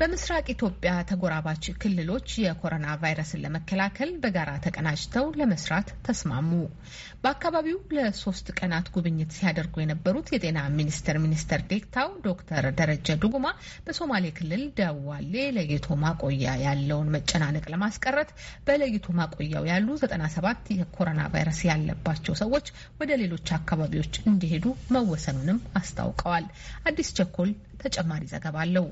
በምስራቅ ኢትዮጵያ ተጎራባች ክልሎች የኮሮና ቫይረስን ለመከላከል በጋራ ተቀናጅተው ለመስራት ተስማሙ። በአካባቢው ለሶስት ቀናት ጉብኝት ሲያደርጉ የነበሩት የጤና ሚኒስቴር ሚኒስትር ዴኤታው ዶክተር ደረጀ ዱጉማ በሶማሌ ክልል ደዋሌ ለይቶ ማቆያ ያለውን መጨናነቅ ለማስቀረት በለይቶ ማቆያው ያሉ 97 የኮሮና ቫይረስ ያለባቸው ሰዎች ወደ ሌሎች አካባቢዎች እንዲሄዱ መወሰኑንም አስታውቀዋል። አዲስ ቸኮል ተጨማሪ ዘገባ አለው።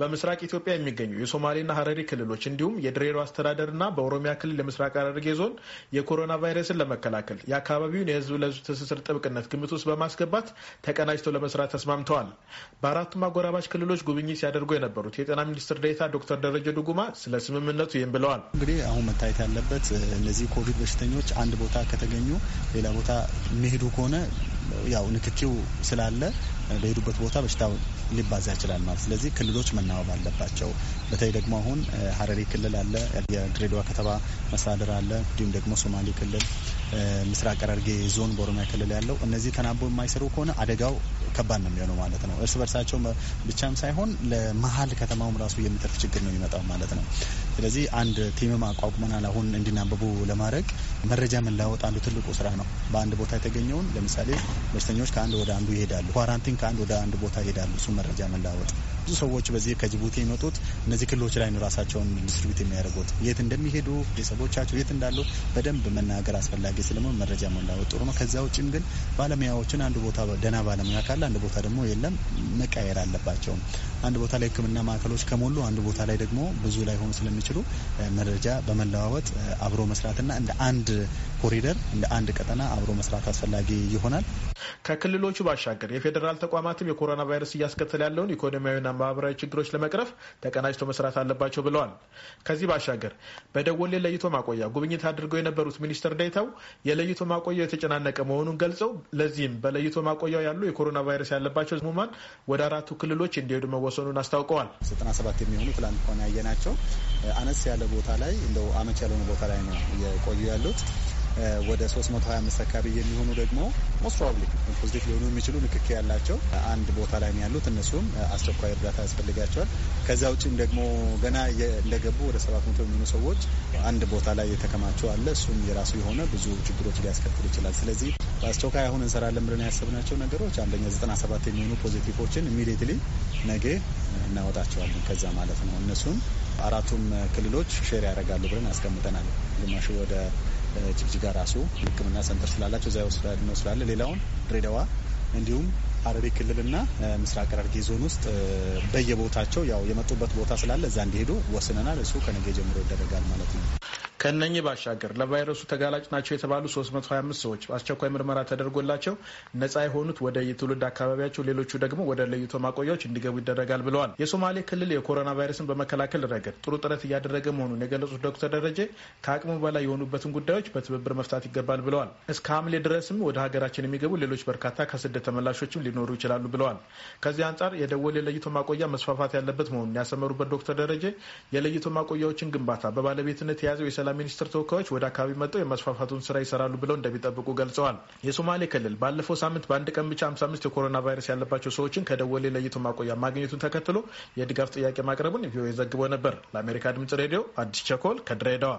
በምስራቅ ኢትዮጵያ የሚገኙ የሶማሌና ሀረሪ ክልሎች እንዲሁም የድሬሮ አስተዳደርና በኦሮሚያ ክልል የምስራቅ ሐረርጌ ዞን የኮሮና ቫይረስን ለመከላከል የአካባቢውን የህዝብ ለህዝብ ትስስር ጥብቅነት ግምት ውስጥ በማስገባት ተቀናጅተው ለመስራት ተስማምተዋል። በአራቱም አጎራባች ክልሎች ጉብኝት ሲያደርጉ የነበሩት የጤና ሚኒስትር ዴኤታ ዶክተር ደረጀ ዱጉማ ስለ ስምምነቱ ይህም ብለዋል። እንግዲህ አሁን መታየት ያለበት እነዚህ ኮቪድ በሽተኞች አንድ ቦታ ከተገኙ ሌላ ቦታ የሚሄዱ ከሆነ ያው ንክኪው ስላለ በሄዱበት ቦታ በሽታው ሊባዛ ይችላል ማለት። ስለዚህ ክልሎች መናበብ አለባቸው። በተለይ ደግሞ አሁን ሀረሪ ክልል አለ፣ የድሬዳዋ ከተማ መስተዳድር አለ፣ እንዲሁም ደግሞ ሶማሌ ክልል ምስራቅ ሐረርጌ ዞን በኦሮሚያ ክልል ያለው እነዚህ ተናቦ የማይሰሩ ከሆነ አደጋው ከባድ ነው የሚሆነው ማለት ነው። እርስ በርሳቸው ብቻም ሳይሆን ለመሀል ከተማውም ራሱ የሚጠርፍ ችግር ነው የሚመጣው ማለት ነው። ስለዚህ አንድ ቲምም አቋቁመናል አሁን እንዲናበቡ ለማድረግ መረጃ የምንለዋወጥ አንዱ ትልቁ ስራ ነው። በአንድ ቦታ የተገኘውን ለምሳሌ በሽተኞች ከአንድ ወደ አንዱ ይሄዳሉ፣ ኳራንቲን ከአንድ ወደ አንድ ቦታ ይሄዳሉ። እሱ መረጃ የምንለዋወጥ ብዙ ሰዎች በዚህ ከጅቡቲ የመጡት እነዚህ ክልሎች ላይ ነው ራሳቸውን ዲስትሪቢዩት የሚያደርጉት የት እንደሚሄዱ ቤተሰቦቻቸው የት እንዳሉ በደንብ መናገር አስፈላጊ አድርጌ ስለመሆን መረጃ መለዋወጥ ጥሩ ነው። ከዛ ውጭም ግን ባለሙያዎችን አንድ ቦታ ደህና ባለሙያ ካለ አንድ ቦታ ደግሞ የለም መቀየር አለባቸውም። አንድ ቦታ ላይ ሕክምና ማዕከሎች ከሞሉ አንድ ቦታ ላይ ደግሞ ብዙ ላይ ሆኑ ስለሚችሉ መረጃ በመለዋወጥ አብሮ መስራትና እንደ አንድ ኮሪደር እንደ አንድ ቀጠና አብሮ መስራት አስፈላጊ ይሆናል። ከክልሎቹ ባሻገር የፌዴራል ተቋማትም የኮሮና ቫይረስ እያስከተለ ያለውን ኢኮኖሚያዊና ማህበራዊ ችግሮች ለመቅረፍ ተቀናጅቶ መስራት አለባቸው ብለዋል። ከዚህ ባሻገር በደወሌ ለይቶ ማቆያ ጉብኝት አድርገው የነበሩት ሚኒስትር ዴኤታው የለይቶ ማቆያው የተጨናነቀ መሆኑን ገልጸው ለዚህም በለይቶ ማቆያው ያሉ የኮሮና ቫይረስ ያለባቸው ህሙማን ወደ አራቱ ክልሎች እንዲሄዱ መወሰኑን አስታውቀዋል። 97 የሚሆኑ ትላንት ከሆነ ያየናቸው አነስ ያለ ቦታ ላይ እንደው አመች ያልሆነ ቦታ ላይ ነው የቆዩ ያሉት ወደ 325 አካባቢ የሚሆኑ ደግሞ ሞስት ፕሮባብሊ ፖዚቲቭ ሊሆኑ የሚችሉ ንክክ ያላቸው አንድ ቦታ ላይ ያሉት እነሱም አስቸኳይ እርዳታ ያስፈልጋቸዋል። ከዚያ ውጭም ደግሞ ገና እንደገቡ ወደ 700 የሚሆኑ ሰዎች አንድ ቦታ ላይ የተከማቸው አለ። እሱም የራሱ የሆነ ብዙ ችግሮች ሊያስከትል ይችላል። ስለዚህ በአስቸኳይ አሁን እንሰራለን ብለን ያሰብናቸው ነገሮች አንደኛ 97 የሚሆኑ ፖዚቲቮችን ኢሚዲየትሊ ነገ እናወጣቸዋለን። ከዛ ማለት ነው እነሱም አራቱም ክልሎች ሼር ያደርጋሉ ብለን አስቀምጠናል። ግማሹ ወደ ጅግጅጋ ራሱ ሕክምና ሰንተር ስላላቸው እዛ ወስዳድ ነው ስላለ ሌላውን ድሬዳዋ እንዲሁም ሐረሪ ክልልና ምስራቅ ሐረርጌ ዞን ውስጥ በየቦታቸው ያው የመጡበት ቦታ ስላለ እዛ እንዲሄዱ ወስነናል። እሱ ከነገ ጀምሮ ይደረጋል ማለት ነው። ከነኚህ ባሻገር ለቫይረሱ ተጋላጭ ናቸው የተባሉ 325 ሰዎች አስቸኳይ ምርመራ ተደርጎላቸው ነጻ የሆኑት ወደ የትውልድ አካባቢያቸው፣ ሌሎቹ ደግሞ ወደ ለይቶ ማቆያዎች እንዲገቡ ይደረጋል ብለዋል። የሶማሌ ክልል የኮሮና ቫይረስን በመከላከል ረገድ ጥሩ ጥረት እያደረገ መሆኑን የገለጹት ዶክተር ደረጀ ከአቅሙ በላይ የሆኑበትን ጉዳዮች በትብብር መፍታት ይገባል ብለዋል። እስከ ሐምሌ ድረስም ወደ ሀገራችን የሚገቡ ሌሎች በርካታ ከስደት ተመላሾችም ሊኖሩ ይችላሉ ብለዋል። ከዚህ አንጻር የደወል ለይቶ ማቆያ መስፋፋት ያለበት መሆኑን ያሰመሩበት ዶክተር ደረጀ የለይቶ ማቆያዎችን ግንባታ በባለቤትነት የያዘው የሰላም ሚኒስትር ተወካዮች ወደ አካባቢ መጥተው የመስፋፋቱን ስራ ይሰራሉ ብለው እንደሚጠብቁ ገልጸዋል። የሶማሌ ክልል ባለፈው ሳምንት በአንድ ቀን ብቻ 55 የኮሮና ቫይረስ ያለባቸው ሰዎችን ከደወሌ ለይቶ ማቆያ ማግኘቱን ተከትሎ የድጋፍ ጥያቄ ማቅረቡን ቪኦኤ ዘግቦ ነበር። ለአሜሪካ ድምጽ ሬዲዮ አዲስ ቸኮል ከድሬዳዋ